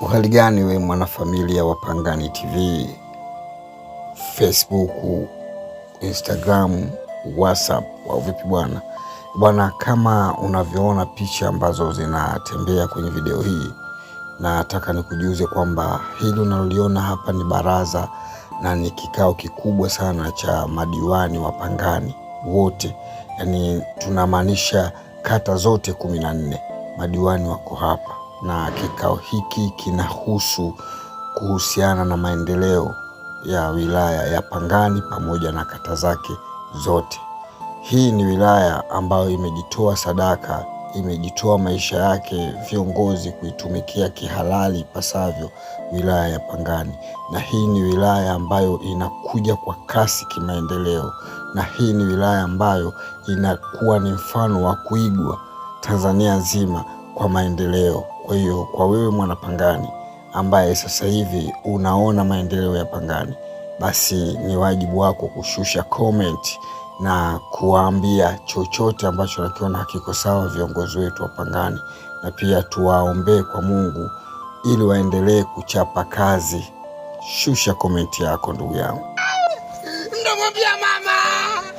Uhali gani we mwanafamilia wa Pangani TV, Facebook, Instagram, WhatsApp au vipi bwana? Bwana, kama unavyoona picha ambazo zinatembea kwenye video hii, nataka na nikujuze kwamba hili unaloliona hapa ni baraza na ni kikao kikubwa sana cha madiwani wa Pangani wote, yaani tunamaanisha kata zote kumi na nne madiwani wako hapa na kikao hiki kinahusu kuhusiana na maendeleo ya wilaya ya Pangani pamoja na kata zake zote. Hii ni wilaya ambayo imejitoa sadaka, imejitoa maisha yake, viongozi kuitumikia kihalali pasavyo wilaya ya Pangani, na hii ni wilaya ambayo inakuja kwa kasi kimaendeleo, na hii ni wilaya ambayo inakuwa ni mfano wa kuigwa Tanzania nzima kwa maendeleo. Kwa hiyo kwa wewe mwana Pangani ambaye sasa hivi unaona maendeleo ya Pangani, basi ni wajibu wako kushusha comment na kuwaambia chochote ambacho nakiona hakiko sawa viongozi wetu wa Pangani, na pia tuwaombee kwa Mungu ili waendelee kuchapa kazi. Shusha komenti yako ndugu yangu, mtamwambia mama.